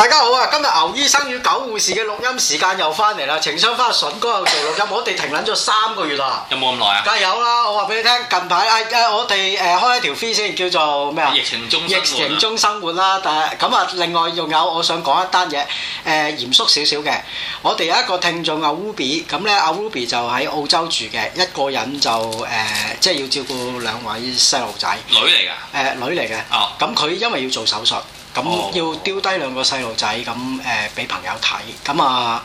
大家好啊！今日牛醫生與狗護士嘅錄音時間又翻嚟啦，情商翻阿筍哥又做錄音，我哋停捻咗三個月啦，有冇咁耐啊？梗係有啦！我話俾你聽，近排誒、啊哎啊、我哋誒、啊、開一條飛先，叫做咩啊？疫情中，疫情中生活啦、啊。但係咁啊，啊，另外仲有我想講一單嘢，誒、啊，嚴肅少少嘅。我哋有一個聽眾阿 Ruby，咁咧阿 Ruby 就喺澳洲住嘅，一個人就誒、啊，即係要照顧兩位細路仔，女嚟噶？誒，女嚟嘅。哦。咁佢因為要做手術。咁、嗯嗯、要丟低兩個細路仔咁誒，俾、呃、朋友睇咁、嗯、啊！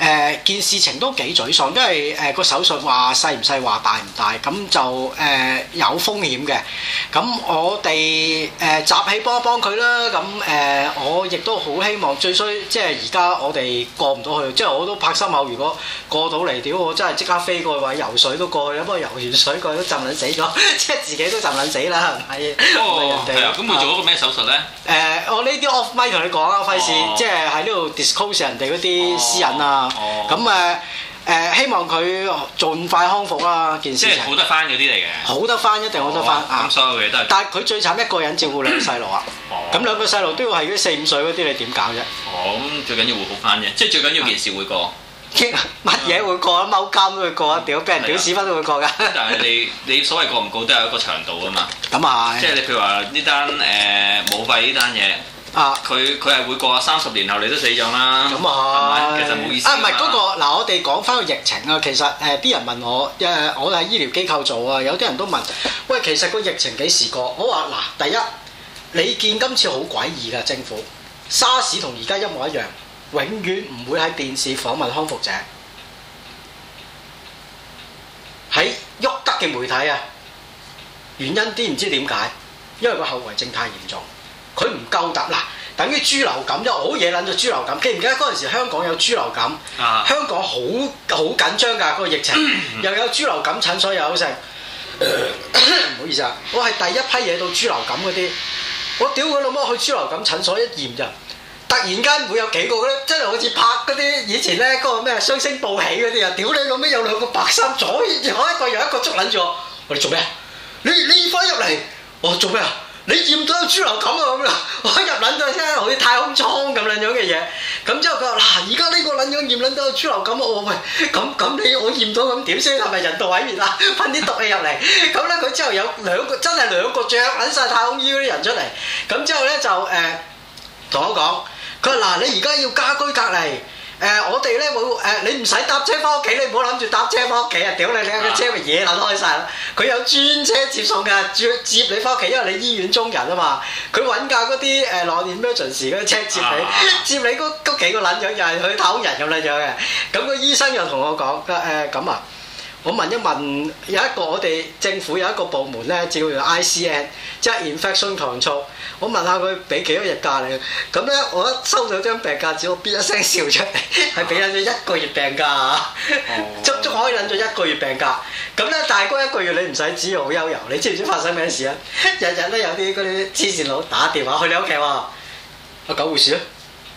誒、呃、件事情都幾沮喪，因為誒個、呃、手術話細唔細話大唔大，咁就誒、呃、有風險嘅。咁我哋誒、呃、集氣幫一幫佢啦。咁誒、呃、我亦都好希望，最衰即係而家我哋過唔到去，即係我都拍心口。如果過到嚟屌，我真係即刻飛過去，話游水都過去，不過游完水過去都浸撚死咗， 即係自己都浸撚死啦。係咪？哦，係啊。咁佢做咗個咩手術咧？誒、呃，我呢啲 off mic 同你講啊，費事即係喺呢度 disclose 人哋嗰啲私隱啊。咁誒誒，希望佢盡快康復啦！件事即係好得翻嗰啲嚟嘅，好得翻一定好得翻啊！咁所有嘢都係，但係佢最慘一個人照顧兩個細路啊！咁兩個細路都要係四五歲嗰啲，你點搞啫？哦，咁最緊要會好翻啫，即係最緊要件事會過。乜嘢會過啊？踎監都會過啊！屌，俾人屌屎忽都會過㗎。但係你你所謂過唔過都有一個長度啊嘛。咁啊，即係你譬如話呢單誒舞弊呢單嘢。啊！佢佢係會過，三十年後你都死咗啦，咁、嗯、啊、那個，其實冇意思。啊、呃，唔係嗰個嗱，我哋講翻個疫情啊，其實誒啲人問我，因為我喺醫療機構做啊，有啲人都問，喂，其實個疫情幾時過？我話嗱，第一，你見今次好詭異㗎，政府沙士同而家一模一樣，永遠唔會喺電視訪問康復者，喺沃德嘅媒體啊，原因啲唔知點解，因為個後遺症太嚴重，佢唔夠膽喇，等於豬流感，因為我好嘢撚咗豬流感。記唔記得嗰陣時香港有豬流感？啊，uh, 香港好好緊張㗎，這個疫情 uh, uh. 又有豬流感診所又有成唔好意思啊，我係第一批惹到豬流感嗰啲。我屌佢老母去豬流感診所一驗咋，突然間會有幾個咧，真係好似拍嗰啲以前咧嗰、嗰個咩雙星報喜嗰啲啊！屌你老味有兩個白衫左左一個右一,一個捉撚住我。我哋做咩啊？你你翻入嚟？我做咩啊？你驗到有豬流感啊，咁樣， 我一入撚到聽好似太空艙咁撚樣嘅嘢。咁之後佢話嗱，而家呢個撚樣驗撚到有豬流感啊，我喂，咁咁你我驗到咁點先，係咪人道毀滅啊？ 噴啲毒氣入嚟，咁咧佢之後有兩個真係兩個著撚晒太空衣嗰啲人出嚟，咁之後咧就誒同、呃、我講，佢話嗱，你而家要家居隔離。誒、呃，我哋咧冇誒，你唔使搭車翻屋企，你唔好諗住搭車翻屋企啊！屌你，你架車咪野撚開晒！咯，佢有專車接送噶，專接你翻屋企，因為你醫院中人啊嘛，佢揾架嗰啲誒羅定咩準時嗰啲車接你，啊、接你嗰嗰幾個撚樣又係去偷人咁撚樣嘅，咁、咁個醫生又同我講誒咁啊。我問一問，有一個我哋政府有一個部門咧，叫做 ICN，即係 infection control。我問下佢俾幾多日假你？咁咧，我一收到張病假紙，我咇一聲笑出嚟，係俾緊咗一個月病假，啊、 足足可以攬咗一個月病假。咁咧，大哥一個月你唔使指望好悠遊。你知唔知發生咩事啊？日日都有啲嗰啲黐線佬打電話去你屋企話：阿搞護士啦，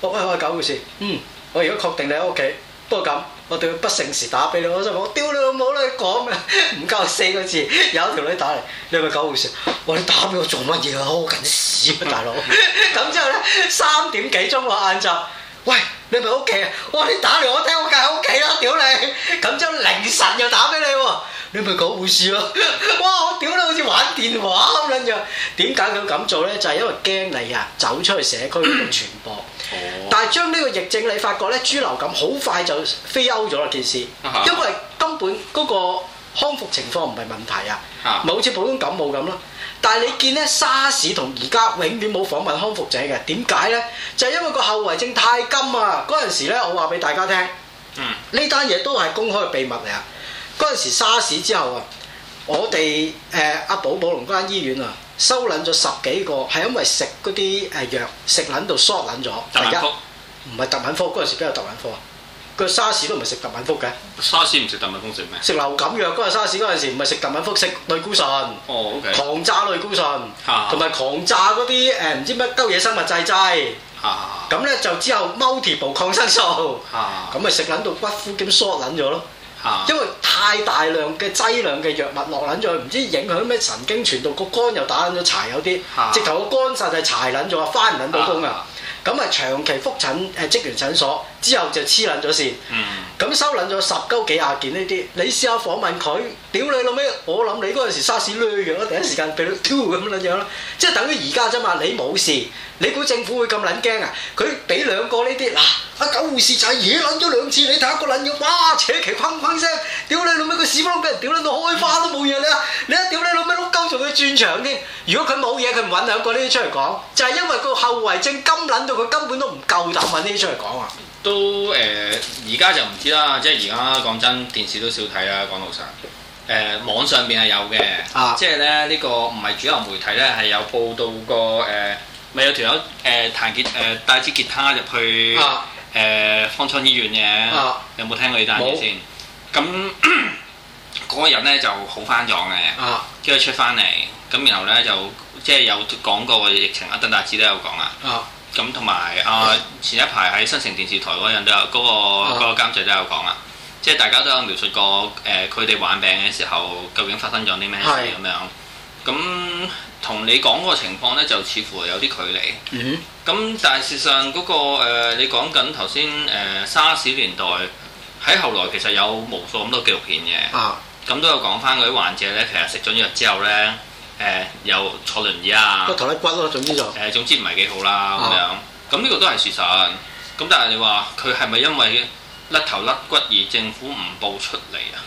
我係我係搞護士。嗯，我如果確定你喺屋企，不過咁，我哋會不定時打俾你，我心諗：我丟你老母！講唔夠四個字，有一條女打嚟，你係咪九號線？喂，你打俾我做乜嘢啊？好緊屎咩，大佬？咁之後呢，三點幾鐘我晏晝，喂，你係咪屋企啊？喂，你打嚟我聽，我梗喺屋企啦，屌你！咁 之後凌晨又打俾你喎。你咪講護士咯！ 哇，我屌你，好似玩電話咁撚樣。點解佢咁做咧？就係、是、因為驚你啊，走出去社區度傳播。哦。但係將呢個疫症，你發覺咧豬流感好快就飛歐咗啦件事。因為根本嗰個康復情況唔係問題啊。啊。唔係好似普通感冒咁咯。但係你見咧沙士同而家永遠冇訪問康復者嘅點解咧？就係、是、因為個後遺症太金啊！嗰陣時咧，我話俾大家聽。嗯。呢單嘢都係公開秘密嚟啊！嗰陣時沙士之後啊，我哋誒阿寶寶龍間醫院啊，收撚咗十幾個，係因為食嗰啲誒藥食撚到縮撚咗。特敏福唔係特敏福，嗰陣時邊有特敏福啊？個沙士都唔係食特敏福嘅。沙士唔食特敏福食咩？食流感藥。嗰陣沙士嗰陣時唔係食特敏福，食類固醇。哦、oh，OK。狂炸類固醇。同埋、uh. 狂炸嗰啲誒唔知乜鳩嘢生物製劑。嚇嚇咁咧就之後 multiple 部抗生素。嚇。咁咪食撚到骨膚咁縮撚咗咯。因為太大量嘅劑量嘅藥物落撚咗，唔知影響咩神經傳導，個肝又打撚咗柴有啲，直頭個肝實係柴撚咗，翻唔撚到工啊！咁啊長期復診誒職員診所。之後就黐撚咗線，咁、嗯、收撚咗十鳩幾廿件呢啲，你試下訪問佢，屌你老味，我諗你嗰陣時沙士癒藥啦，第一時間俾佢跳咁樣樣啦，即係等於而家啫嘛，你冇事，你估政府會咁撚驚啊？佢俾兩個呢啲，嗱阿九護士就係惹撚咗兩次，你睇下個撚樣，哇扯旗砰砰聲，屌你老味，佢屎忽俾人屌撚到開花、嗯、都冇嘢啦，你一屌你老味碌鳩仲佢轉場添，如果佢冇嘢，佢唔揾兩個呢啲出嚟講，就係、是、因為個後遺症金撚到佢根本都唔夠膽揾呢啲出嚟講啊！都誒，而、呃、家就唔知啦，即係而家講真，電視都少睇啦，講老實。誒、呃，網上邊係有嘅，啊、即係咧呢、這個唔係主流媒體咧，係有報道過誒，咪、呃、有條友誒彈結誒、呃、帶支吉他入去誒方艙醫院嘅，有冇聽過沒 呢單嘢先？咁嗰個人咧就好翻咗嘅，之後、啊、出翻嚟，咁然後咧就，後呢就即係有講過個疫情，阿鄧達志都有講啊。咁同埋啊，前一排喺新城電視台嗰陣都有嗰個嗰、嗰個監製都有講啦，啊、即係大家都有描述過誒，佢哋患病嘅時候究竟發生咗啲咩事咁是的 樣。咁同你講嗰個情況咧，就似乎有啲距離。咁、嗯、哼 但係事實上嗰、嗰個誒、呃，你講緊頭先誒沙士年代喺後來其實有無數咁多紀錄片嘅，咁、啊、都有講翻嗰啲患者咧，其實食咗藥之後咧。誒、呃、又坐輪椅啊！甩頭甩骨咯、啊，總之就誒、呃、總之唔係幾好啦咁、嗯、樣。咁、嗯、呢個都係事實。咁但係你話佢係咪因為甩頭甩骨而政府唔報出嚟啊？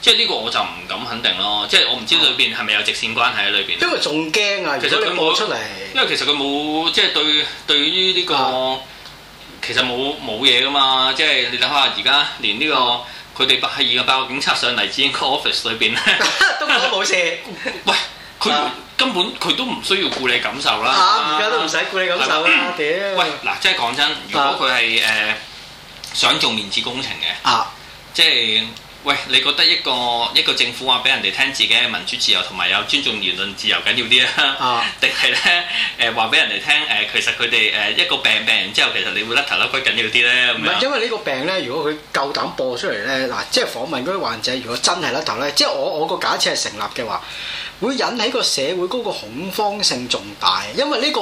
即係呢個我就唔敢肯定咯。即、就、係、是、我唔知裏邊係咪有直線關係喺裏邊。嗯、因為仲驚啊！其實果佢冇出嚟，因為其實佢冇即係對對於呢、這個、啊、其實冇冇嘢㗎嘛。即、就、係、是、你睇下而家連呢、這個佢哋百二嘅包個警察上嚟治安 office 裏邊咧都冇事。喂！佢根本佢都唔需要顧你感受啦。嚇！而家都唔使顧你感受啦。屌！喂，嗱，即係講真，如果佢係誒想做面子工程嘅，啊，即係喂，你覺得一個一個政府話俾人哋聽，自己係民主自由同埋有尊重言論自由緊要啲啊？啊，定係咧誒話俾人哋聽誒，其實佢哋誒一個病病然之後，其實你會甩頭甩骨緊要啲咧？因為呢個病咧，如果佢夠膽播出嚟咧，嗱，即係訪問嗰啲患者，如果真係甩頭咧，即係我我個假設係成立嘅話。會引起個社會嗰個恐慌性重大，因為呢、呢個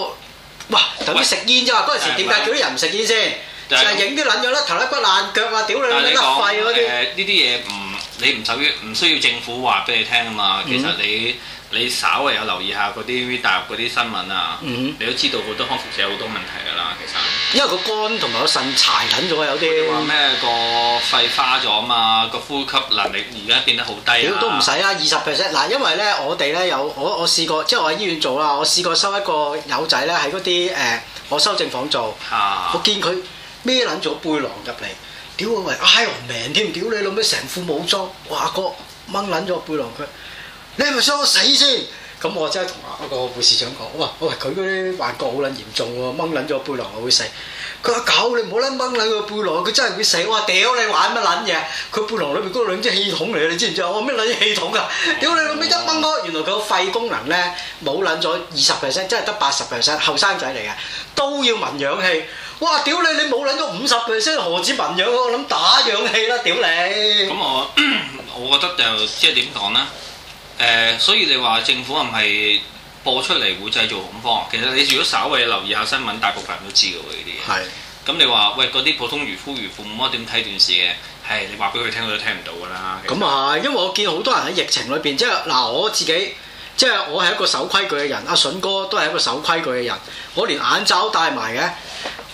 哇，等於食煙啫嘛。嗰陣喂時點解叫啲人唔食煙先？喂就係影啲撚咗甩頭甩骨爛腳啊！屌你的、呃，你甩肺嗰啲。誒呢啲嘢唔，你唔屬於唔需要政府話俾你聽啊嘛。其實你。嗯你稍為有留意下嗰啲大陸嗰啲新聞啊，嗯、你都知道好多康復者好多問題㗎啦，其實。因為個肝同埋個腎殘緊咗，有啲。咩個肺花咗嘛？個呼吸能力而家變得好低。都唔使啊，二十 percent 嗱，因為咧我哋咧有我我試過即係我喺醫院做啦，我試過收一個友仔咧喺嗰啲誒，我收症房做，啊、我見佢孭撚咗背囊入嚟，屌喂，係挨命添，屌你老母成副武裝，我阿哥掹撚咗背囊佢。你係咪想我死先？咁我真係同阿個護士長講：哇，佢嗰啲幻覺好撚嚴重喎，掹撚咗背囊就會死。佢話：狗，你唔好撚掹撚個背囊，佢真係會死。我話：屌你玩乜撚嘢？佢背囊裏面嗰兩隻氣筒嚟嘅，你知唔知啊？我咩撚氣筒啊？屌你老味一掹開，原來佢個肺功能咧冇撚咗二十 percent，真係得八十 percent。後生仔嚟嘅都要聞氧氣。哇！屌你，你冇撚咗五十 percent，何止聞氧啊，我諗打氧氣啦，屌你！咁我我覺得就即係點講咧？誒、呃，所以你話政府係唔係播出嚟會製造恐慌？其實你如果稍微留意下新聞，大部分人都知㗎喎呢啲嘢。係是，咁、嗯、你話喂嗰啲普通愚夫愚婦唔好點睇電視嘅，係、哎、你話俾佢聽，佢都聽唔到㗎啦。咁啊，因為我見好多人喺疫情裏邊，即係嗱、呃、我自己，即係我係一個守規矩嘅人，阿、啊、筍哥都係一個守規矩嘅人，我連眼罩都戴埋嘅，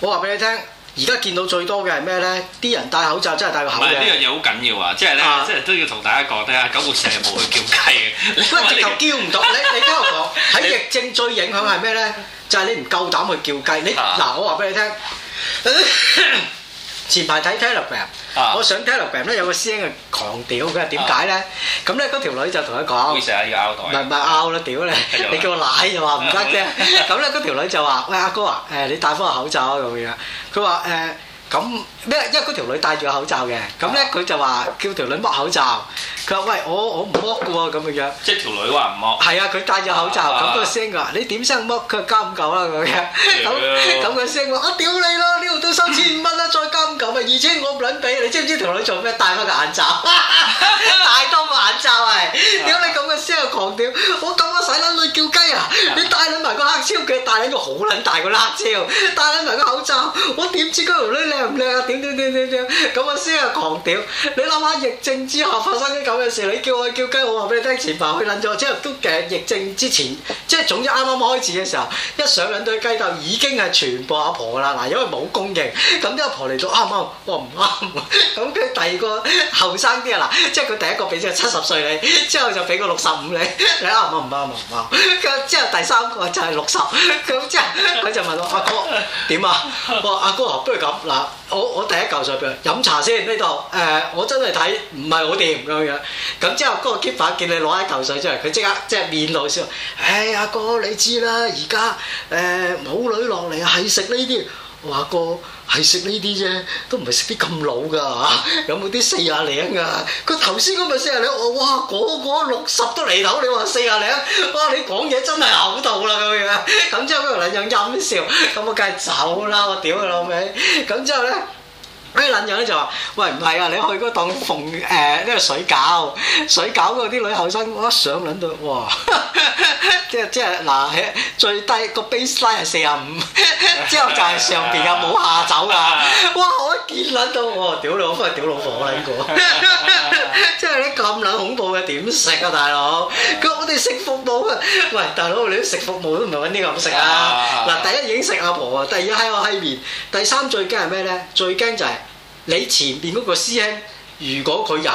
我話俾你聽。而家見到最多嘅係咩呢？啲人戴口罩真係戴個口罩。呢樣嘢好緊要啊！即係咧，即係都要同大家講，大家九步蛇冇去叫雞嘅， 直頭叫唔到， 你你聽我講。喺 疫症最影響係咩呢？就係、是、你唔夠膽去叫雞。你嗱、啊啊，我 話俾你聽，前排睇 Telegram。啊、我上 Telegram 咧，有個師兄啊，狂屌嘅，點解咧？咁咧，嗰條女就同佢講，唔係唔係拗啦，屌你！啊、你叫我奶、啊、 就話唔得啫。咁咧，嗰條女就話，喂阿哥啊，誒你戴翻個口罩啊，咁、嗯、樣。佢話誒。呃咁咩？因為嗰條女戴住個口罩嘅，咁咧佢就話叫條女剝口罩。佢話：喂，我我唔剝嘅喎，咁嘅樣。即係條女話唔剝。係啊，佢戴住口罩，咁個聲噶，你點聲剝？佢話交五嚿啦咁樣。咁咁個聲話：我屌你咯，呢度都收千五蚊啦，再交五嚿咪二千，我唔撚俾你，知唔知條女做咩戴翻個眼罩？戴多個眼罩係，屌你咁嘅聲狂屌！我咁嘅細撚女叫雞啊！你戴撚埋個黑超，佢戴撚個好撚大個黑超，戴撚埋個口罩，我點知嗰條女靚？唔靚啊！點點點點點咁啊！先係狂屌！你諗下疫症之後發生啲咁嘅事，你叫我叫雞，我話俾你聽，前排去撚咗之後都夾疫症之前，即係總之啱啱開始嘅時候，一上兩對雞竇已經係全部阿婆噶啦嗱，因為冇供應，咁阿婆嚟到啱啱，我唔啱，咁佢第二個後生啲啊嗱，即係佢第一個俾咗七十歲你，之後就俾個六十五你，你啱唔啱唔啱唔啱？之後第三個就係六十，咁之後佢就問我阿哥點啊？我話阿哥不如咁嗱。我我第一嚿水畀佢飲茶先呢度，誒、呃、我真係睇唔係好掂咁樣，咁之後嗰個 keep 粉見你攞一嚿水出嚟，佢即刻即係面露笑，誒、哎、阿哥你知啦，而家誒冇女落嚟係食呢啲。我阿哥係食呢啲啫，都唔係食啲咁老噶，有冇啲四廿零噶？佢頭先嗰咪四廿零，我哇嗰個，個六十都嚟到，你話四廿零？哇！你講嘢真係厚道啦咁樣，樣，咁之後嗰兩樣陰笑，咁我梗係走啦，我屌佢老味，咁之後咧。嗰啲撚樣咧就話：喂，唔係啊！你去嗰檔逢誒呢個水餃，水餃嗰度啲女後生一上撚到，哇！即係即係嗱，最低個 base line 係四十五，之後就係上邊又冇下走噶。哇！我一見撚到，我屌老闆，我屌老婆，我撚過。即係你咁撚恐怖嘅點食啊，大佬？佢話我哋食服務啊！喂，大佬，你都食服務都唔係搵呢個咁食啊！嗱，第一已經食阿婆啊，第二閪我閪面，第三最驚係咩咧？最驚就係～你前邊嗰個師兄，如果佢有，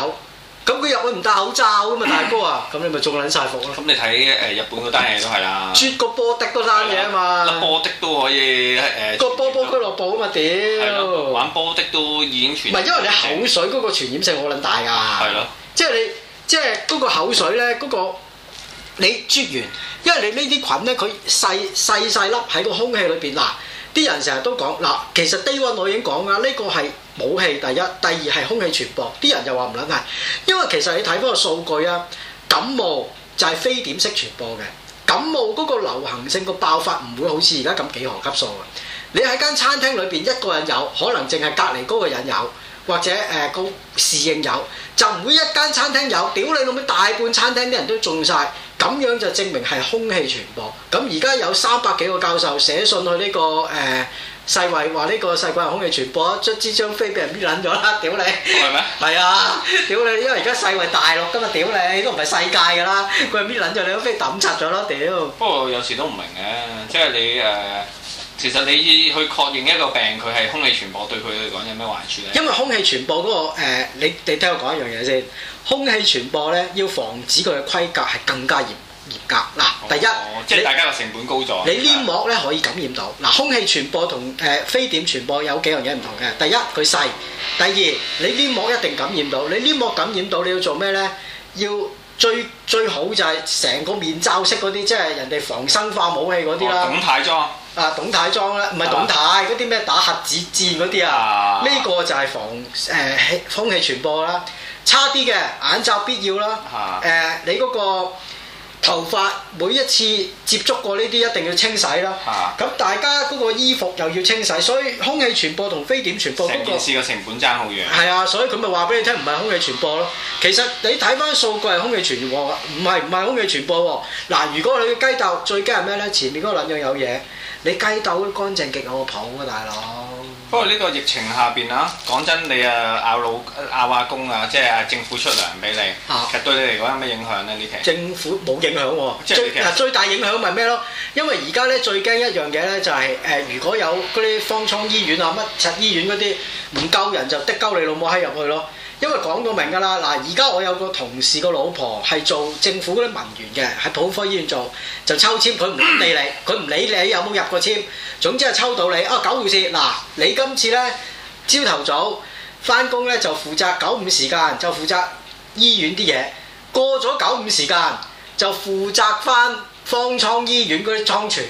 咁佢入去唔戴口罩咁啊，大哥啊，咁 你咪中撚晒伏咯。咁你睇誒日本嗰單嘢都係啦，啜個波滴嗰單嘢啊嘛，粒波滴都可以誒。個、呃、波波俱樂部啊嘛，屌！玩波的都已經傳唔係因為你口水嗰個傳染性好撚大啊，係咯的，即係你即係嗰個口水咧，嗰、嗰個你啜完，因為你呢啲菌咧，佢細，細細細粒喺個空氣裏邊嗱。，啲人成日都講嗱，其實低 a 我已經講啦，呢個係武器第一，第二係空氣傳播。啲人又話唔撚係，因為其實你睇嗰個數據啊，感冒就係非點式傳播嘅，感冒嗰個流行性個爆發唔會好似而家咁幾何級數嘅。你喺間餐廳裏邊一個人有，可能淨係隔離嗰個人有。或者誒個、呃、侍應有，就每一間餐廳有，屌你老母大半餐廳啲人都中晒，咁樣就證明係空氣傳播。咁而家有三百幾個教授寫信去呢、這個誒、呃、世衛，話呢個世衛係空氣傳播，卒之張飛俾人搣撚咗啦，屌你！係咩嗎？係啊， 屌你，因為而家世衛大陸今日屌你都唔係世界㗎啦，佢係搣撚咗你張飛揼拆咗咯，屌！不過有時都唔明嘅，即係你誒。呃其實你去確認一個病，佢係空氣傳播對佢嚟講有咩壞處咧？因為空氣傳播嗰、那個、呃、你你聽我講一樣嘢先。空氣傳播咧要防止佢嘅規格係更加嚴嚴格。嗱，第一，哦、即係大家嘅成本高咗。你黏膜咧可以感染到嗱，空氣傳播同誒飛沫傳播有幾樣嘢唔同嘅。第一，佢細；第二，你黏膜一定感染到。你黏膜感染到，你要做咩咧？要最最好就係成個面罩式嗰啲，即係人哋防生化武器嗰啲啦。咁、啊、太裝。啊，董太裝啦，唔係董太嗰啲咩打核子戰嗰啲啊，呢個就係防誒、呃、空氣傳播啦。差啲嘅眼罩必要啦，誒、啊呃、你嗰個頭髮每一次接觸過呢啲一定要清洗啦。咁、啊、大家嗰個衣服又要清洗，所以空氣傳播同飛點傳播都成件事個成本爭好遠。係啊，所以佢咪話俾你聽唔係空氣傳播咯。其實你睇翻數據係空氣傳播，唔係唔係空氣傳播喎。嗱、啊，如果你嘅雞竇最驚係咩呢？前面嗰個兩樣有嘢。你雞竇乾淨極，我抱啊，大佬！不過呢個疫情下邊啊，講真，你啊拗老拗阿公啊，即係政府出糧俾你，啊、其實對你嚟講有咩影響咧？呢期政府冇影響喎、啊，即最最大影響咪咩咯？因為而家咧最驚一樣嘢咧就係、是、誒、呃，如果有嗰啲方艙醫院啊、乜柒醫院嗰啲唔夠人，就的鳩你老母閪入去咯！因為講到明㗎啦，嗱，而家我有個同事個老婆係做政府嗰啲文員嘅，喺普，普科醫院做就抽簽，佢唔理你，佢唔 理你，你有冇入過簽。總之係抽到你，啊，九女士，嗱、啊，你今次呢，朝頭早翻工呢，就負責九五時間，就負責醫院啲嘢。過咗九五時間就負責翻方創醫院方艙醫院嗰啲倉儲，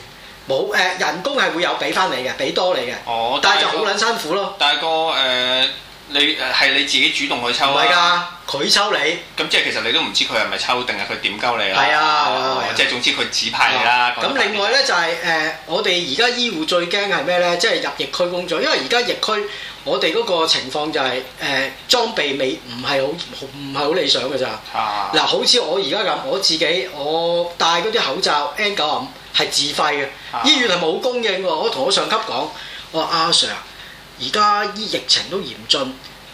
冇誒、呃、人工係會有俾翻你嘅，俾多你嘅。哦，但係就好撚辛苦咯但。大個誒。你係你自己主動去抽啊！唔係㗎，佢抽你。咁即係其實你都唔知佢係咪抽定係佢點鳩你啦。係啊，即係總之佢指派你啦。咁、啊、另外咧就係、是、誒、呃，我哋而家醫護最驚係咩咧？即、就、係、是、入疫區工作，因為而家疫區我哋嗰個情況就係、是、誒、呃、裝備未唔係好唔係好理想㗎咋。嗱、啊啊，好似我而家咁，我自己我戴嗰啲口罩 N 九啊五係自費嘅，啊、醫院係冇供應喎。我同我上級講，我話阿 Sir、啊啊啊啊而家依疫情都嚴峻，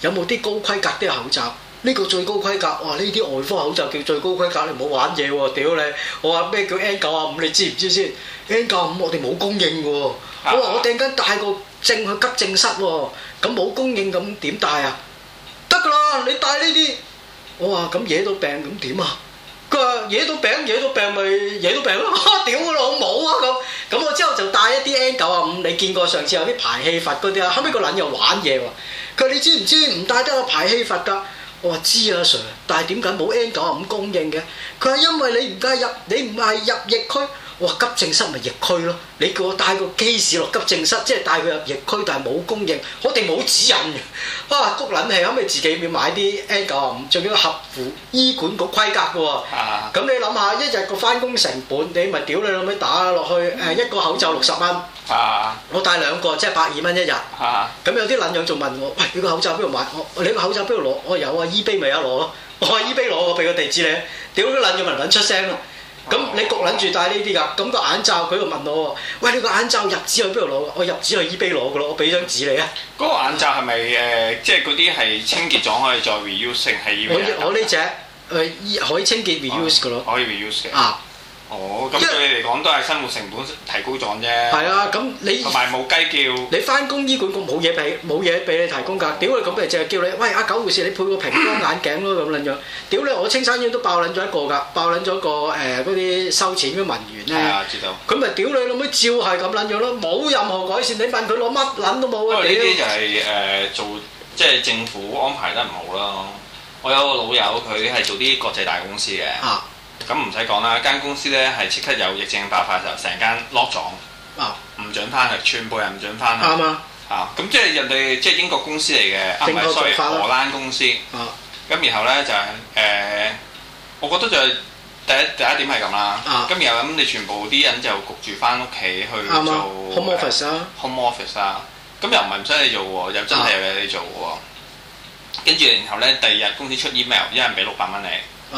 有冇啲高規格啲口罩？呢個最高規格，哇！呢啲外科口罩叫最高規格，你唔好玩嘢喎，屌你！我話咩叫 N95？你知唔知先？N95 我哋冇供應喎。我話我突然間帶個證去急症室喎，咁冇供應咁點帶啊？得㗎啦，你帶呢啲，我話咁惹到病咁點啊？佢話惹到病，惹到病咪惹到病咯，屌佢老母啊咁！咁我之後就帶一啲 N 九啊五，你見過上次有啲排氣閥嗰啲啊？後尾個撚又玩嘢喎，佢話你知唔知唔帶得個排氣閥㗎？我話知啊，Sir，但係點解冇 N 九啊五供應嘅？佢話因為你而家入你唔係入疫區。哇！急症室咪疫區咯，你叫我帶個機士落急症室，即係帶佢入疫區，但係冇供應，我哋冇指引嘅。哇、啊！谷撚氣，後屘自己要買啲 N 九十五，仲要合乎醫管局規格嘅喎。咁、啊、你諗下，一日個翻工成本，你咪屌你諗起打落去誒、嗯、一個口罩六十蚊。啊！我帶兩個即係百二蚊一日。咁、啊、有啲撚樣仲問我，喂，你個口罩邊度買？我，你個口罩邊度攞？我有啊，醫杯咪有攞咯。我話醫杯攞，我俾個地址你。屌，撚樣文文出聲啦！咁、哦、你焗撚住戴呢啲㗎？咁個眼罩佢度問我喎，喂，你個眼罩入紙去邊度攞？我入紙去 eBay 攞嘅咯，我俾張紙你啊。嗰個眼罩係咪誒？即係嗰啲係清潔咗可以再 reuse 定係要。我呢隻誒可以清潔 reuse 噶咯、哦。of the. 可以 reuse 嘅。啊。哦，咁對你嚟講都係生活成本提高咗啫。係啊，咁你同埋冇雞叫。你返工醫管局冇嘢俾冇嘢俾你提供㗎，屌你咁咪淨係叫你，喂，阿九護士你配個平安眼鏡咯，咁撚樣，屌你我青山院都爆撚咗一個㗎，爆撚咗個誒嗰啲收錢嘅文員咧。係啊，知道。佢咪屌你老妹，照係咁撚樣咯，冇任何改善。你問佢攞乜撚都冇啊。因為呢啲就係誒做即係政府安排得唔好咯。我有個老友佢係做啲國際大公司嘅。啊。咁唔使講啦，間公司咧係即刻有疫症爆發嘅時候，成間落咗，啊，唔準翻去，全部人唔準翻去。啱啊！啊，咁即係人哋即係英國公司嚟嘅，英國公司，荷蘭公司。啊，咁然後咧就係誒，我覺得就第一第一點係咁啦。啊，然後咁你全部啲人就焗住翻屋企去做 home office 啊，home office 啊，咁又唔係唔使你做喎，又真係有你做喎。跟住然後咧，第二日公司出 email，一人俾六百蚊你，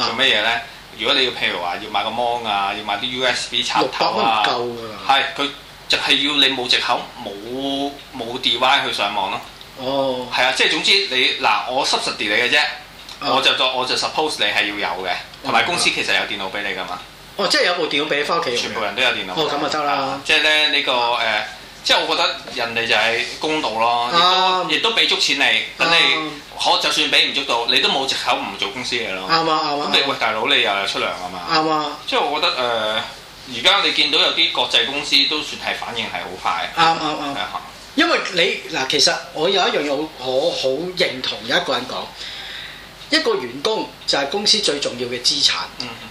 做乜嘢咧？如果你要譬如話要買個芒啊，要買啲 USB 插頭啊，六百蚊係，佢就係要你冇藉口，冇冇 DI 去上網咯、啊。哦，係啊，即係總之你嗱，我濕濕地 s u b 你嘅啫，我就就我就 suppose 你係要有嘅，同埋公司其實有電腦俾你㗎嘛、嗯。哦，即係有部電腦俾你翻屋企，全部人都有電腦。哦，咁就得啦、啊。即係咧呢個誒。啊啊即係我覺得人哋就係公道咯，啊、亦都亦都俾足錢你，咁你可就算俾唔足到，你都冇藉口唔做公司嘢咯。啱啊，啱啊。咁、啊、你是喂大佬，你又出糧啊嘛。啱啊。即係我覺得誒，而、呃、家你見到有啲國際公司都算係反應係好快。啱啱啱。啊啊嗯啊、因為你嗱，其實我有一樣嘢我好認同有一個人講。一個員工就係公司最重要嘅資產。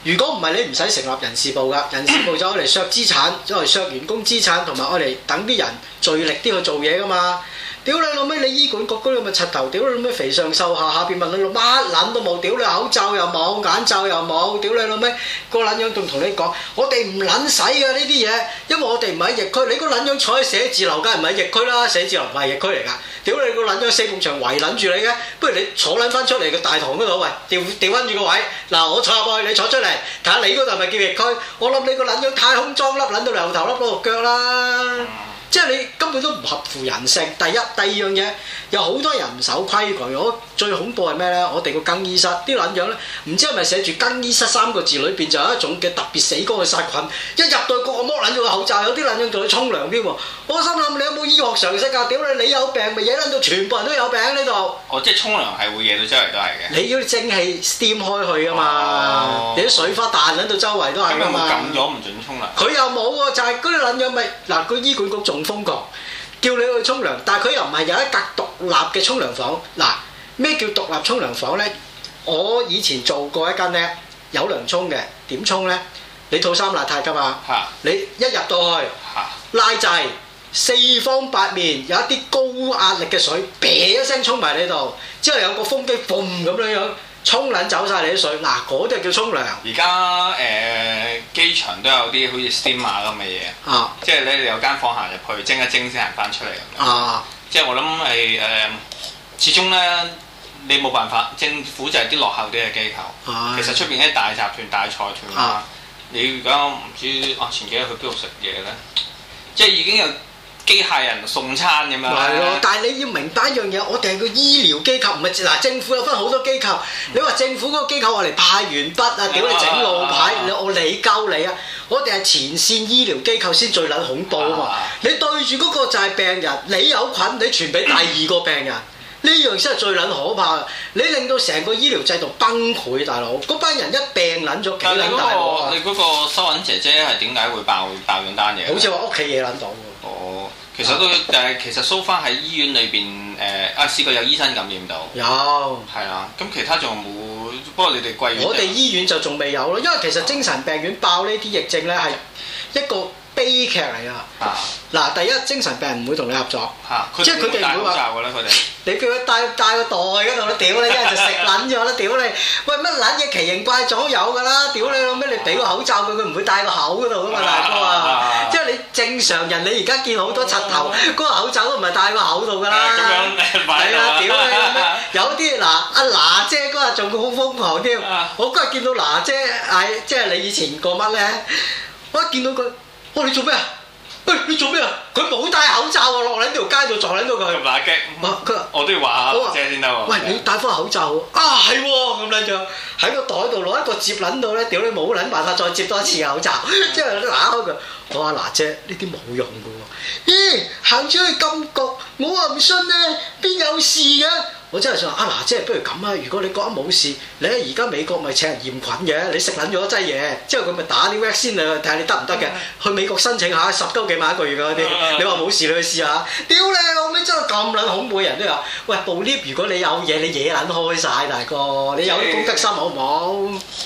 如果唔係，你唔使成立人事部㗎。人事部就係攞嚟削資產，攞嚟削員工資產，同埋我嚟等啲人最落力啲去做嘢㗎嘛。屌你老味，你醫管局嗰度咪柒頭？屌你老味，肥上瘦下，下邊問你老乜撚都冇？屌你口罩又冇，眼罩又冇？屌你老味。個撚樣仲同你講，我哋唔撚使嘅呢啲嘢，因為我哋唔喺疫區。你個撚樣坐喺寫字樓梗係唔喺疫區啦，寫字樓唔係疫區嚟噶。屌你、個撚樣四面牆圍撚住你嘅，不如你坐撚翻出嚟個大堂嗰度位，調調翻轉個位。嗱，我坐落去，你坐出嚟，睇下你嗰度係咪叫疫區？我諗你個撚樣太空裝笠撚到牛頭笠落腳啦！即係你根本都唔合乎人性。第一、第二樣嘢，有好多人唔守規矩。我最恐怖係咩咧？我哋個更衣室啲撚樣咧，唔知係咪寫住更衣室三個字裏邊就有一種嘅特別死光嘅殺菌。一入到，個個剝撚咗個口罩，有啲撚樣仲去沖涼添喎。我心諗你有冇醫學常識啊？屌你，你有病咪嘢撚到全部人都有病呢度？哦，即係沖涼係會惹到周圍都係嘅。你要蒸氣掂開佢啊嘛，哦、你啲水花彈撚到周圍都係啊嘛。咁有冇禁咗唔準沖涼？佢又冇喎，就係嗰啲撚樣咪嗱，個醫管局仲。fica no 紙 millionaire gue 風格叫你去沖涼，但係佢又唔係有一格獨立嘅沖涼房。嗱，咩叫獨立沖涼房呢？我以前做過一間呢，有涼沖嘅。點沖呢？你套衫邋遢噶嘛？吓哈，你一入到去，拉掣，四方八面有一啲高壓力嘅水，啪一聲沖埋你度，之後有個風機，嘭咁樣樣。沖撚走晒你啲水，嗱嗰啲叫沖涼。而家誒機場都有啲好似 steam 咁嘅嘢，啊，即係你有間房行入去蒸一蒸先行翻出嚟。啊，即係我諗係誒，始終咧你冇辦法，政府就係啲落後啲嘅機構。啊，其實出邊啲大集團、大財團啊，你而家唔知啊？前幾日去邊度食嘢咧？即係已經有。機械人送餐咁樣， 但係你要明白一樣嘢，我哋係個醫療機構，唔係嗱政府有分好多機構。嗯、你話政府嗰個機構我嚟派完筆啊，屌你整路牌，哎、呦你我理鳩你啊！我哋係前線醫療機構先最撚恐怖啊嘛！哎、呦你對住嗰個就係病人，你有菌你傳俾第二個病人，呢樣先係最撚可怕。你令到成個醫療制度崩潰，大佬嗰班人一病撚咗，大大但係你嗰個你嗰收銀姐姐係點解會爆爆兩單嘢？好似話屋企嘢撚到。啊。其實都誒，其實 so far 喺醫院裏邊誒，啊試過有醫生感染到，有係啊，咁其他仲冇，不過你哋貴我哋醫院就仲未有咯，因為其實精神病院爆呢啲疫症咧係一個，悲劇嚟噶，嗱，第一精神病唔會同你合作，即係佢哋唔會話你叫佢戴戴個袋嗰度，屌你一係就食撚咗啦，屌你，喂乜撚嘢奇形怪狀都有噶啦，屌你咁樣，你俾個口罩佢，佢唔會戴個口嗰度噶嘛，大哥啊，即係你正常人，你而家見好多柒頭，嗰個口罩都唔係戴個口度噶啦，係啊，屌你有啲嗱，阿娜姐嗰日仲好瘋狂添，我嗰日見到娜姐，唉，即係你以前過乜咧，我一見到佢。哦「喂，你做咩啊？喂！你做咩啊？佢冇戴口罩喎、啊，落嚟呢條街度撞撚到佢，咁打擊。麼說我佢話：我都要話阿姐先得喂！你戴翻個口罩啊。啊，係喎、哦，咁撚就，喺個袋度攞一個接撚到咧，屌你冇撚辦法再接多一次口罩，即係打開佢。我話嗱，姐呢啲冇用嘅喎。咦、欸？行出去咁焗，我話唔信咧，邊有事嘅？我真係想話，啊嗱，即係不如咁啊！如果你覺得冇事，你喺而家美國咪請人驗菌嘅，你食撚咗劑嘢，之後佢咪打啲藥先你，ine，看看你行行。啊、嗯！睇下你得唔得嘅？去美國申請下，十鳩幾萬一個月嗰啲，嗯、你話冇事你去試下。屌、嗯、靈你老味，真係咁撚恐怖人都話，喂，報啲如果你有嘢，你嘢撚開晒，大哥，你有啲公德心、就是、好唔好？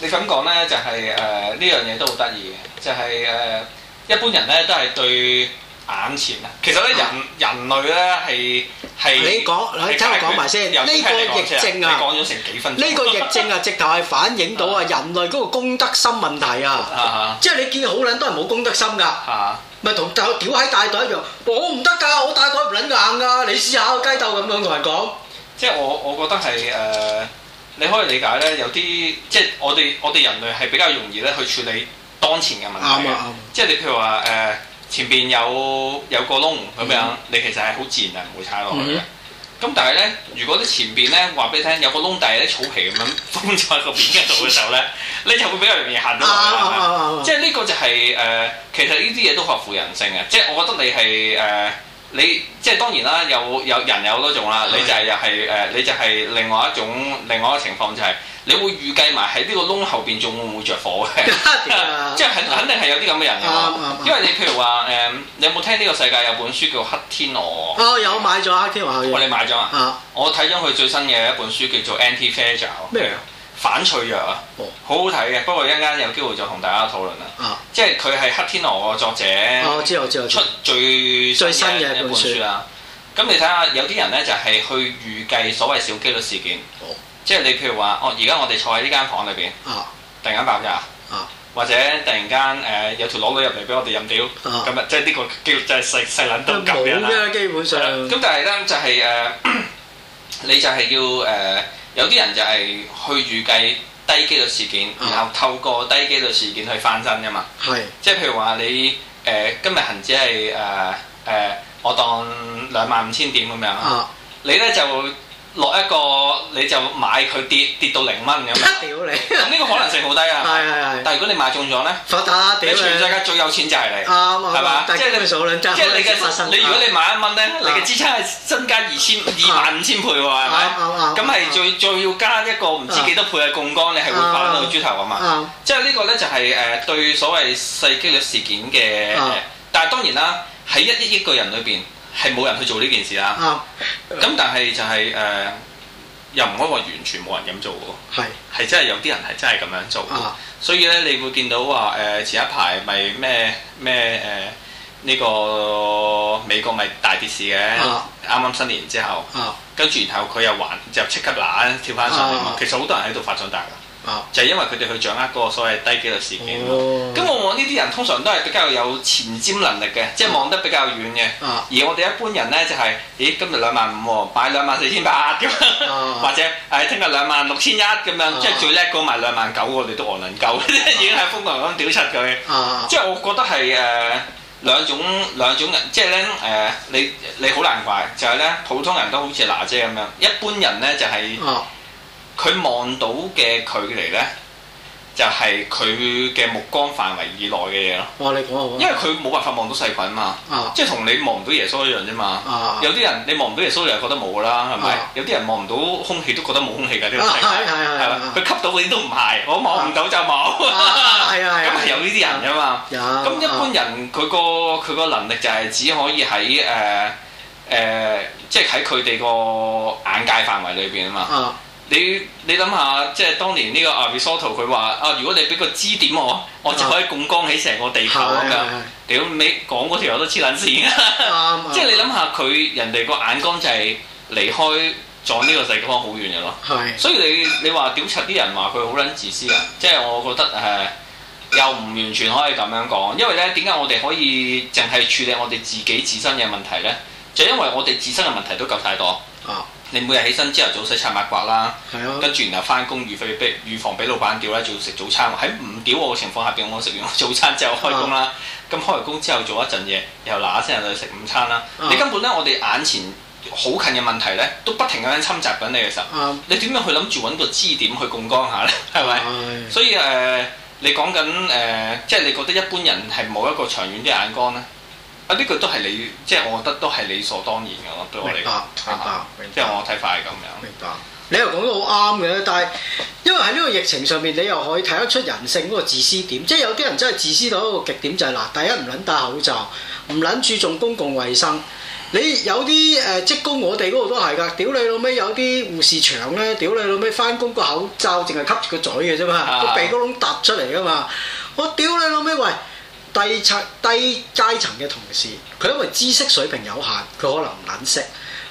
你咁講呢，就係誒呢樣嘢都好得意嘅，就係誒一般人呢，都係對。眼前啊，其實咧人人類咧係，係你講，你聽我講埋先。呢個疫症啊，你講咗成幾分鐘呢個疫症啊，直頭係反映到啊人類嗰個公德心問題啊。即係你見好撚多人冇公德心㗎。咪同屌喺大袋一樣，我唔得㗎，我大袋唔撚硬㗎。你試下雞竇咁樣同人講。即係我我覺得係誒，你可以理解咧，有啲即係我哋我哋人類係比較容易咧去處理當前嘅問題。即係你譬如話誒。前邊有有個窿咁樣，你、嗯、其實係好自然嘅，唔會踩落去嘅。咁、嗯、但係咧，如果前面呢你前邊咧話俾你聽有個窿，但係啲草皮咁樣封咗喺個邊一度嘅時候咧， 你就會比較容易行到落去、啊、即係呢個就係、是、誒、呃，其實呢啲嘢都合乎人性嘅。即係我覺得你係誒、呃，你即係當然啦，有有人有好多種啦是、呃，你就係又係誒，你就係另外一種另外一個情況就係、是。你會預計埋喺呢個窿後邊仲會唔會着火嘅？即係肯肯定係有啲咁嘅人嘅，因為你譬如話你有冇聽呢個世界有本書叫《黑天鵝》？哦，有買咗《黑天鵝》。我哋買咗啊！我睇咗佢最新嘅一本書叫做《Antifragile》。咩啊？反脆弱啊！好好睇嘅，不過一陣間有機會再同大家討論啦。即係佢係《黑天鵝》嘅作者。哦，知我知我。出最新嘅一本書啦。咁你睇下，有啲人咧就係去預計所謂小機率事件。即係你譬如話，哦，而家我哋坐喺呢間房裏邊，啊、突然間爆炸，啊、或者突然間誒、呃、有條裸女入嚟俾我哋任屌，咁啊，啊，即係呢個叫錄就係細細到咁樣啦。嘅，基本上。咁、啊、但係咧就係、是、誒、呃， 你就係要誒，有啲人就係去預計低機率事件，啊、然後透過低機率事件去翻身㗎嘛。係的。即係譬如話你誒、呃、今日恒指係誒誒，我當兩萬五千點咁樣你咧就。落一個你就買佢跌跌到零蚊咁，咁呢個可能性好低啊！係係係。但係如果你買中咗咧，你全世界最有錢就係你，係嘛？即係你數量真係好大。即係你嘅，你如果你買一蚊咧，你嘅資產係增加二千二萬五千倍喎，係咪？咁係再再要加一個唔知幾多倍嘅槓杆，你係會爆到個豬頭啊嘛！即係呢個咧就係誒對所謂世紀嘅事件嘅，但係當然啦，喺一億億個人裏邊。係冇人去做呢件事啦，咁、啊、但係就係、是、誒、呃，又唔可以話完全冇人咁做喎，係係真係有啲人係真係咁樣做，所以咧你會見到話誒、呃、前一排咪咩咩誒呢個美國咪大跌市嘅，啱啱、啊、新年之後，跟住、啊、然後佢又還就即刻嗱跳翻上嚟，啊、其實好多人喺度發咗達㗎。就係因為佢哋去掌握嗰個所謂低機率事件咯。咁往往呢啲人通常都係比較有前瞻能力嘅，嗯、即係望得比較遠嘅。嗯、而我哋一般人呢，就係、是，咦？今日兩萬五喎，買兩萬四千八咁，或者誒聽日兩萬六千一咁樣，即係最叻個賣兩萬九，我哋都可能夠，已經係瘋狂咁屌出佢。即係我覺得係誒兩種兩種人，即係呢，誒、呃、你你好難怪，就係、是、呢，普通人都好似嗱姐咁樣，一般人呢就係。佢望到嘅距離咧，就係佢嘅目光範圍以內嘅嘢咯。哇！你講啊，因為佢冇辦法望到細菌啊嘛，即係同你望唔到耶穌一樣啫嘛。有啲人你望唔到耶穌又覺得冇噶啦，係咪？有啲人望唔到空氣都覺得冇空氣㗎，呢細菌。係係係。佢吸到你都唔係，我望唔到就冇。係啊係啊。咁係有呢啲人㗎嘛。咁一般人佢個佢個能力就係只可以喺誒誒，即係喺佢哋個眼界範圍裏邊啊嘛。你你諗下，即係當年呢個阿維沙圖佢話啊，如果你俾個支點我，uh, 我就可以槓桿起成個地球咁樣。屌、uh, 你講嗰條我都黐撚線。 uh, uh, 即係你諗下佢人哋個眼光就係離開咗呢個地方好遠嘅咯。Uh, 所以你你話屌柒啲人話佢好撚自私啊？即係我覺得誒、呃，又唔完全可以咁樣講，因為呢點解我哋可以淨係處理我哋自己自身嘅問題呢？就因為我哋自身嘅問題都夠太多。你每日起身之後，早洗刷抹刮啦，跟住、啊、然後翻工預備，預防俾老闆屌啦，仲要食早餐喎。喺唔屌我嘅情況下邊，我食完我早餐之後開工啦。咁、啊、開完工之後做一陣嘢，然後嗱嗱聲又去食午餐啦。啊、你根本咧，我哋眼前好近嘅問題咧，都不停咁樣侵襲緊你嘅時候，啊、你點樣去諗住揾個支點去槓桿下咧？係 咪吧？啊、所以誒、呃，你講緊誒，即係你覺得一般人係冇一個長遠啲眼光咧？啊！呢個都係你，即係我覺得都係理所當然嘅咯。對我嚟講，明白，啊、明白，即係我睇法係咁樣。明白，你又講得好啱嘅，但係因為喺呢個疫情上面，你又可以睇得出人性嗰個自私點。即係有啲人真係自私到一個極點，就係、是、嗱，第一唔撚戴口罩，唔撚注重公共衞生。你有啲誒職工我的凸凸，我哋嗰度都係㗎。屌你老尾，有啲護士長咧，屌你老尾，翻工個口罩淨係吸住個嘴嘅啫嘛，個鼻哥窿凸出嚟㗎嘛，我屌你老尾喂！低層低階層嘅同事，佢因為知識水平有限，佢可能唔撚識。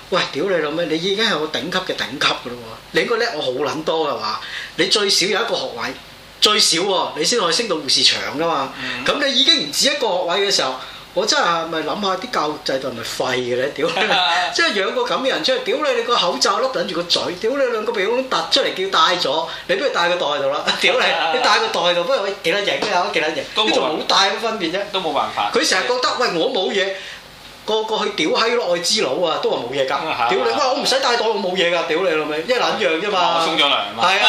喂，屌你老咩？你已經係個頂級嘅頂級㗎啦喎！你應該叻我好撚多係嘛？你最少有一個學位，最少喎、啊，你先可以升到護士長㗎嘛。咁、嗯、你已經唔止一個學位嘅時候。我真係咪諗下啲教育制度係咪廢嘅咧？屌！即係養個咁嘅人出嚟，屌你！你個口罩笠緊住個嘴，屌你兩個鼻孔突出嚟叫戴咗，你不如帶個袋喺度啦？屌你！你帶個袋度，不如喂幾粒嘢都有，幾粒嘢，呢度冇帶嘅分別啫。都冇辦法。佢成日覺得喂我冇嘢，個個去屌閪咯，我知老啊，都話冇嘢㗎。屌你！喂我唔使帶袋，我冇嘢㗎，屌你老味，一撚樣啫嘛。我沖咗涼，係啊！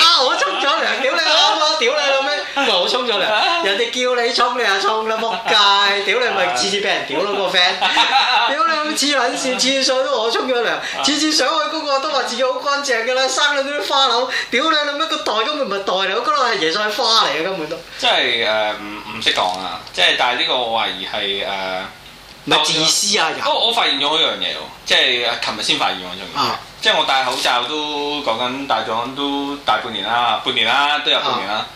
啊我沖咗涼，屌你老母，屌你！我沖咗涼，人哋叫你沖，你又沖啦，仆街！ 屌你咪次次俾人屌咯，個 friend！屌你咁次揾笑次水都我沖咗涼，次次上去嗰個都話自己好乾淨噶啦，生兩堆花柳，屌你諗乜，個袋根本唔係袋嚟，我覺得係椰菜花嚟嘅根本都。真係誒唔唔識講啊！即係但係呢個我懷疑係誒，咪、呃、自私啊！我，有我發現咗一樣嘢喎，即係琴日先發現我終於，啊、即係我戴口罩都講緊戴咗都大半年啦，半年啦都有半年啦。啊。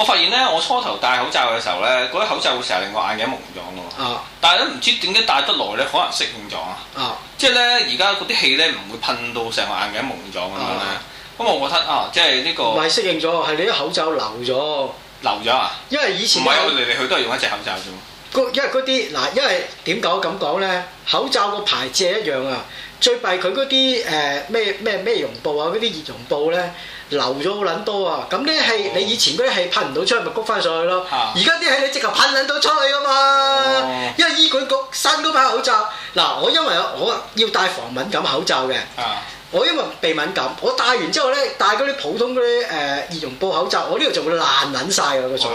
我發現咧，我初頭戴口罩嘅時候咧，嗰啲口罩會成日令我眼鏡矇咗嘅喎。啊！但係都唔知點解戴得耐咧，可能適應咗啊，啊。啊！即係咧、這個，而家嗰啲氣咧唔會噴到成個眼鏡矇咗咁樣。啊！因為我覺得啊，即係呢個唔係適應咗，係你啲口罩流咗。流咗啊！因為以前唔係嚟嚟去都係用一隻口罩啫嘛。因為嗰啲嗱，因為點講咁講咧，口罩個牌子一樣啊，最弊佢嗰啲誒咩咩咩熔布啊，嗰啲熱熔布咧。流咗好撚多啊！咁啲氣你以前嗰啲氣噴唔到出去，咪谷翻上去咯。而家啲氣你即刻噴撚到出去噶嘛？啊、因為醫管局新嗰批口罩，嗱我因為我要戴防敏感口罩嘅，啊、我因為鼻敏感，我戴完之後咧戴嗰啲普通嗰啲誒熱熔布口罩，我呢度就會爛撚曬嗰種。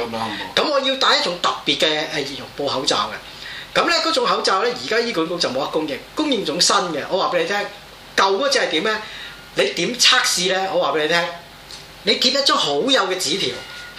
咁我要戴一種特別嘅誒熱熔布口罩嘅。咁咧嗰種口罩咧，而家醫管局就冇得供應，供應種新嘅。我話俾你聽，舊嗰隻係點咧？你點測試咧？我話俾你聽。你見一張好幼嘅紙條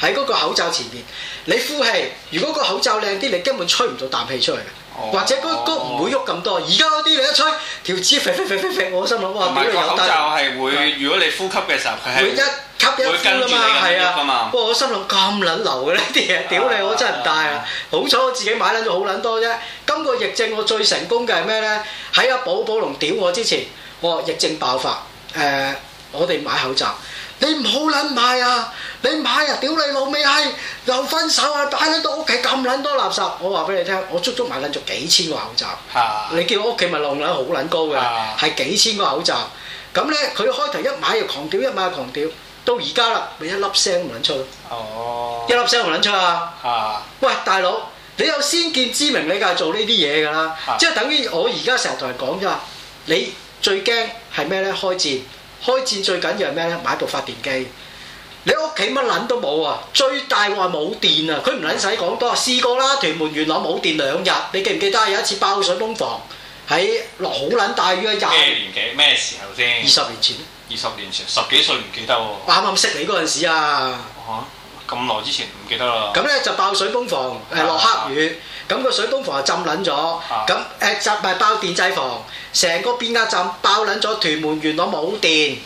喺嗰個口罩前面，你呼氣，如果個口罩靚啲，你根本吹唔到啖氣出嚟嘅。Oh. 或者嗰個唔會喐咁多。而家嗰啲你一吹，條紙肥肥肥飛飛，我心諗哇，邊個有戴？唔係個口罩係會，的如果你呼吸嘅時候，佢係會一吸一呼吖嘛。係啊，不過的我心諗咁撚流嘅呢啲嘢屌你，我真係唔戴啊！Ah. 好彩我自己買撚咗好撚多啫。今個疫症我最成功嘅係咩呢？喺阿寶寶龍屌我之前，我、哦、疫症爆發，誒、呃，我哋買口罩。你唔好撚買啊！你買啊！屌你老味閪、哎、又分手啊！擺喺度屋企咁撚多垃圾，我話俾你聽，我足足買撚咗幾千個口罩。是啊、你見我屋企咪浪撚好撚高嘅，係是、啊、幾千個口罩。咁咧佢開頭一買又狂屌，一買又狂屌，到而家啦，你一粒聲唔撚出。哦，一粒聲唔撚出是啊！喂，大佬，你有先見之明，你梗係做呢啲嘢㗎啦。即係是、啊、等於我而家成日同人講㗎，你最驚係咩咧？開戰。開戰最緊要係咩咧？買部發電機，你屋企乜撚都冇啊！最大話冇電啊！佢唔撚使講多，試過啦，屯門元朗冇電兩日。你記唔記得啊？有一次爆水泵房，喺落好撚大雨啊！廿幾年幾咩時候先？二十年前。二十年前十幾歲唔記得喎、啊。啱啱識你嗰陣時啊！嚇咁耐之前唔記得啦。咁咧就爆水泵房，誒落、嗯、黑雨。嗯嗯嗯咁個水泵房又浸撚咗，咁誒集埋包電制房，成個變壓站爆撚咗，屯門元朗冇電，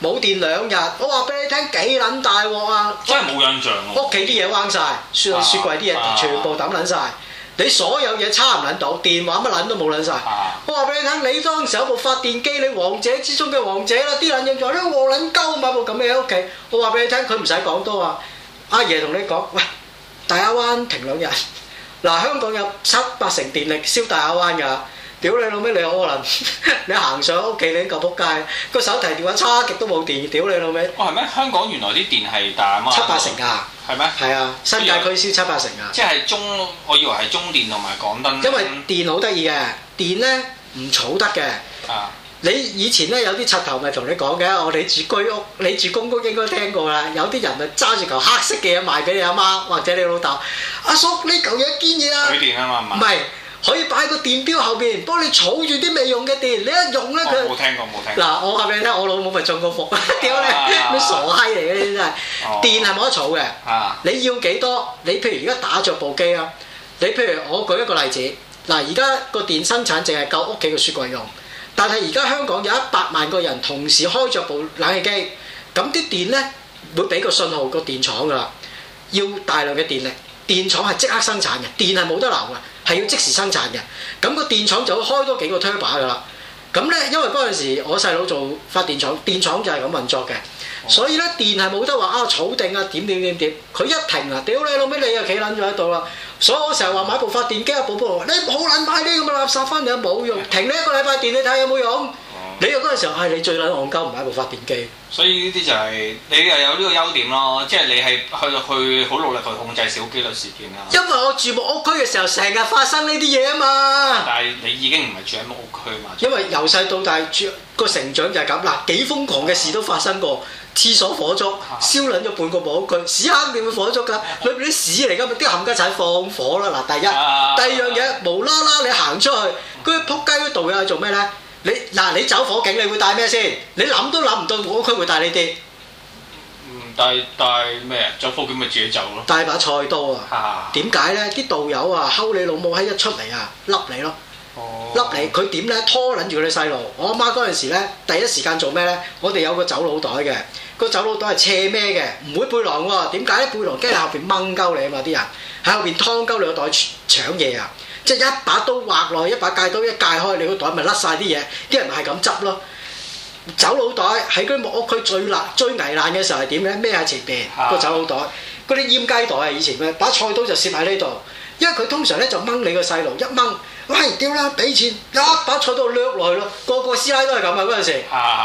冇 電兩日，我話俾你聽幾撚大鑊啊！真係冇印象喎、啊，屋企啲嘢彎晒，雪雪櫃啲嘢全部抌撚晒， 你所有嘢差唔撚到，電話乜撚都冇撚晒。 我話俾你聽，你當時有部發電機，你王者之中嘅王者啦，啲撚印象做咩我撚鳩嘛部咁嘅屋企，我話俾你聽，佢唔使講多啊，阿爺同你講，喂，大亞灣停兩日。 嗱，香港有七八成電力燒大亞灣㗎，屌你老味，你可能 你行上屋企你嚿撲街，個手提電話叉極都冇電，屌你老味！哦，係咩？香港原來啲電係大亞灣。七八成㗎，係咩嗎？係啊，新界區燒七八成啊。即係中，我以為係中電同埋港燈。因為電好得意嘅，電咧唔儲得嘅。啊！你以前咧有啲柒頭咪同你講嘅，我哋住居屋，你住公屋應該聽過啦。有啲人咪揸住嚿黑色嘅嘢賣俾你阿媽，或者你老豆。阿叔，呢嚿嘢堅嘢啊！唔係可以擺個電表後邊幫你儲住啲未用嘅電，你一用咧佢。冇聽過，冇聽過。嗱，我話俾你聽，我老母咪中過伏屌你，啊、 你傻閪嚟嘅真係。電係冇得儲嘅，你要幾多？你譬如而家打着部機啦，你譬如我舉一個例子，嗱，而家個電生產淨係夠屋企個雪櫃用。但係而家香港有一百萬個人同時開著部冷氣機，咁啲電呢會俾個信號個電廠㗎啦，要大量嘅電力，電廠係即刻生產嘅，電係冇得留㗎，係要即時生產嘅，咁個電廠就會開多幾個 turbine 㗎啦，咁呢，因為嗰陣時我細佬做發電廠，電廠就係咁運作嘅。所以咧，電係冇得話啊，草定啊，點點點點，點，佢一停啊，屌你老味，你又企撚咗喺度啦。所以我成日話買部發電機啊，寶寶，你好撚買啲咁嘅垃圾翻嚟冇用。停你一個禮拜電，你睇有冇用？你又嗰陣時候係、哎、你最撚戇鳩，唔買部發電機。所以呢啲就係、是、你又有呢個優點咯，即係你係去到去好努力去控制小機率事件啊。因為我住木屋區嘅時候，成日發生呢啲嘢啊嘛。但係你已經唔係住喺木屋區嘛。因為由細到大住、個成長就係咁啦，幾瘋狂嘅事都發生過。廁所火燭，啊、燒撚咗半個寶區，屎坑點會火燭噶，裏面啲屎嚟噶，啲冚家鏟放火啦！嗱，第一，第二樣嘢、啊、無啦啦，你行出去，嗰啲撲街嗰度啊，又係做咩呢？你嗱、啊，你走火警，你會帶咩先？你諗都諗唔到，寶區會帶你啲。嗯，帶帶咩？走火警咪自己走咯。帶把菜刀啊？點解、啊、呢？啲導友啊，敲你老母喺一出嚟啊，笠你咯，笠、哦、你佢點呢？拖撚住你啲細路，我阿媽嗰陣時咧，第一時間做咩呢？我哋有個走佬袋嘅。個走佬袋係斜孭嘅，唔會背囊㗎。點解咧？背囊驚喺後邊掹鳩你啊嘛！啲人喺後邊劏鳩你個袋搶嘢啊！即係一把刀劃落去，一把戒刀一戒開，你個袋咪甩晒啲嘢。啲人咪係咁執咯。走佬袋喺嗰啲木屋區最爛、最危難嘅時候係點咧？孭喺前邊個走佬袋，嗰啲醃雞袋啊！以前咩把菜刀就攝喺呢度，因為佢通常咧就掹你個細路，一掹，喂，屌啦，俾錢，一把菜刀掠落去咯。個個師奶都係咁啊！嗰陣時，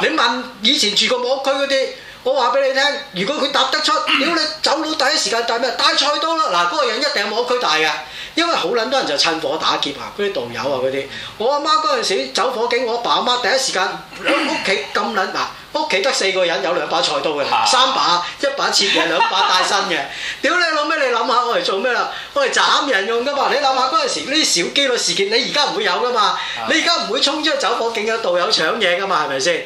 你問以前住過木屋區嗰啲。我話俾你聽，如果佢答得出，屌 你走佬第一時間帶咩？帶菜刀啦！嗱，嗰個人一定冇佢帶嘅，因為好撚多人就趁火打劫啊！嗰啲道友啊，嗰啲我阿媽嗰陣時走火警，我阿爸阿媽第一時間屋企咁撚嗱，屋企得四個人，有兩把菜刀嘅，三把，一把切嘢，兩把帶身嘅。屌 你老咩？你諗下我嚟做咩啦？我嚟斬人用㗎嘛！你諗下嗰陣時嗰啲小機率事件，你而家唔會有㗎嘛？ 你而家唔會衝出走火警有道友搶嘢㗎嘛？係咪先？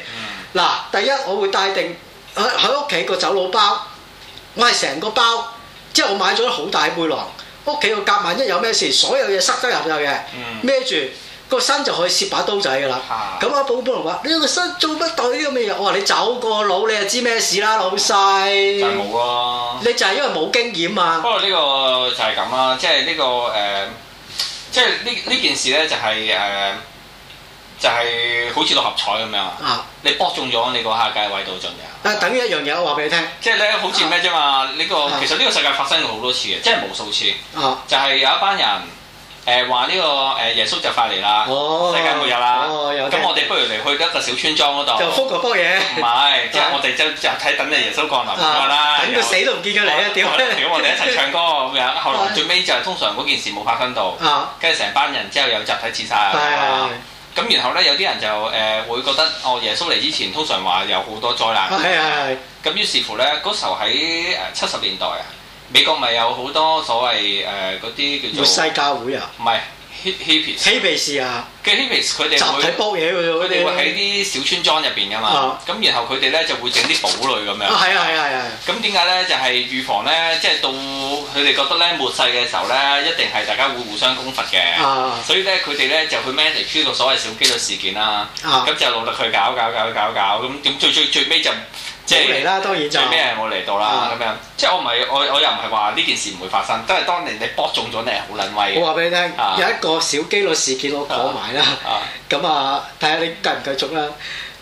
嗱， 第一我會帶定。喺屋企個走佬包，我係成個包，即係我買咗好大背囊，屋企個夾萬，一有咩事，所有嘢塞得入去嘅，孭住個身就可以攞把刀仔㗎啦。咁阿、啊、寶寶又話：呢個身做乜對呢個咩嘢？我話、啊、你走個佬，你就知咩事啦，老細。就冇啊，你就係因為冇經驗啊。不過呢個就係咁啦，即係呢個誒，即係呢呢件事咧就係、是、誒。就係好似六合彩咁樣啊！你博中咗，你個下界位到盡嘅。但係，等於一樣嘢，我話俾你聽。即係咧，好似咩啫嘛？呢個其實呢個世界發生過好多次嘅，即係無數次。就係有一班人誒話呢個誒耶穌就快嚟啦，世界末日啦。咁我哋不如嚟去一個小村莊嗰度。就瘋狂博嘢。唔係，即係我哋就集體等住耶穌降臨咁啦。等佢死都唔見佢嚟，屌，如果我哋一齊唱歌咁樣，後來最尾就係通常嗰件事冇發生到，跟住成班人之後有集體自殺。咁然後咧，有啲人就誒、呃、會覺得哦，耶穌嚟之前通常話有好多災難。係係係。咁於是，是，是乎咧，嗰時候喺七十年代啊，美國咪有好多所謂誒嗰啲叫做？世界會啊？唔係。希皮士啊，嘅希皮士佢哋會喺煲嘢，佢哋會喺啲小村莊入邊噶嘛，咁、啊、然後佢哋咧就會整啲堡壘咁樣。啊啊係啊係啊！咁點解咧？就係、是、預防咧，即、就、係、是、到佢哋覺得咧末世嘅時候咧，一定係大家會互相攻伐嘅。啊、所以咧佢哋咧就去 manage 呢個所謂小機率事件啦。啊，咁就努力去搞搞搞搞搞，咁點最最最尾就是。即嚟啦，當然最尾我嚟到啦咁樣，即我唔係我我又唔係話呢件事唔會發生，都係當年你搏中咗，你係好撚威。我話俾你聽，有一個小機率事件，我講埋啦。咁啊，睇下你繼唔繼續啦，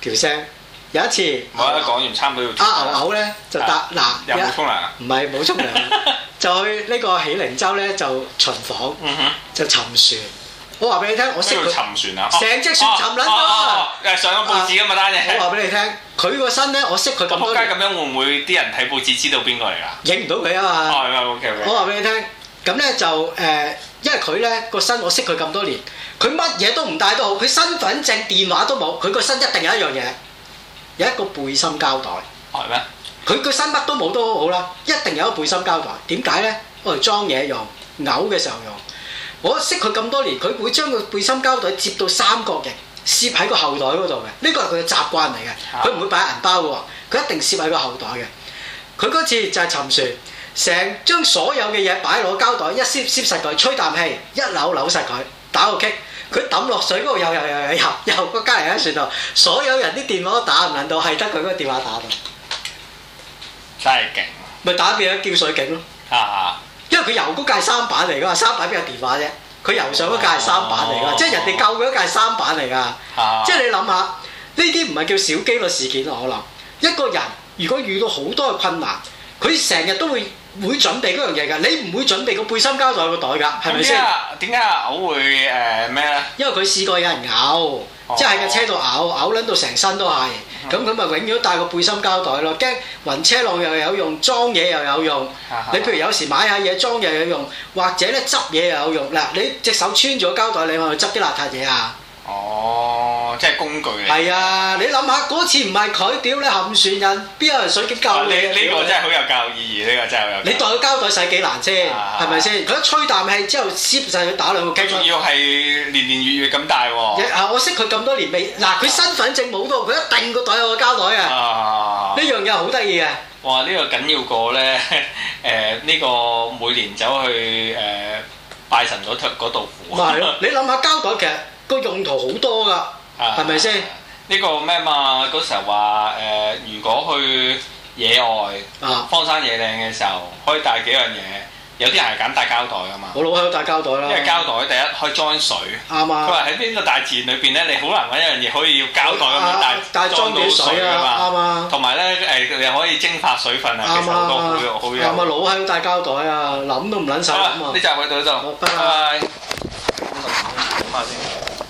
條聲。有一次，我一講完差唔多要。阿牛牛咧就答嗱，又冇沖涼，唔係冇沖涼，就去呢個喜靈洲咧就巡房，就沉船。我話俾你聽，我識沉船啊，成隻船沉甩咗。上咗報紙咁嘛？單嘢。我話俾你聽，佢個身咧，我識佢咁多。點解咁樣會唔會啲人睇報紙知道邊個嚟啊？影唔到佢啊嘛。係係、哦、OK k、okay. 我話俾你聽，咁咧就誒、呃，因為佢咧個身我識佢咁多年，佢乜嘢都唔帶都好，佢身份證、電話都冇，佢個身一定有一樣嘢，有一個背心膠袋。係咩、哦？佢個身乜都冇都好好啦，一定有一個背心膠袋。點解咧？我哋裝嘢用，嘔嘅時候用。我識佢咁多年，佢會將個背心膠袋摺到三角形，攝喺個後袋嗰度嘅。呢個係佢嘅習慣嚟嘅，佢唔會擺銀包嘅，佢一定攝喺個後袋嘅。佢嗰次就係沉船，成將所有嘅嘢擺落個膠袋，一攝攝實佢，吹啖氣，一扭扭實佢，打個棘，佢抌落水嗰度又又又又又又個家人喺船度，所有人啲電話都打唔撚到，係得佢嗰個電話打到，真係勁。咪打俾佢叫水警咯。啊。因為佢遊嗰架三板嚟噶嘛，三板邊有電話啫？佢遊上嗰架三板嚟噶，哦、即係人哋救嗰架係三板嚟噶。啊、即係你諗下，呢啲唔係叫小機率事件啊！我諗一個人如果遇到好多嘅困難，佢成日都會會準備嗰樣嘢㗎，你唔會準備個背心膠袋個袋㗎，係咪先？點解點解咬會咩咧？呃、因為佢試過有人咬，oh. 即係喺架車度咬，咬撚到成身都係，咁佢咪永遠都帶個背心膠袋咯，驚暈車浪又有用，裝嘢又有用。 你譬如有時買下嘢裝又有用，或者咧執嘢又有用啦。你隻手穿咗膠袋，你去執啲邋遢嘢啊？哦，即係工具嚟。係啊，你諗下嗰次唔係佢屌你冚算人，邊有人水極教、啊、你？呢、這、呢個真係好有教育意義，呢個真係有教育意義。意你袋個膠袋使幾難啫？係咪先？佢一吹啖氣之後，攝晒佢打兩個。繼續要係年年月月咁戴喎。啊，我識佢咁多年未嗱，佢身份證冇到，佢一定個袋有個膠袋啊！呢樣嘢好得意嘅。哇！呢、這個緊要過咧，誒、呃、呢、這個每年走去誒、呃、拜神嗰度扶。唔係、 啊、你諗下膠袋其實～個用途好多㗎，係咪先？呢個咩嘛？嗰時候話誒，如果去野外、荒山野嶺嘅時候，可以帶幾樣嘢。有啲人係揀帶膠袋啊嘛。我老係都帶膠袋啦。因為膠袋第一可以裝水。啱啊。佢話喺邊個大自然裏邊咧，你好難揾一樣嘢可以要膠袋咁樣帶裝到水㗎嘛。啱啊。同埋咧誒，你又可以蒸發水分啊。啱啊啱啊。係咪老係都帶膠袋啊？諗都唔撚曬啊嘛。呢集喺度先。好，拜拜。諗下先。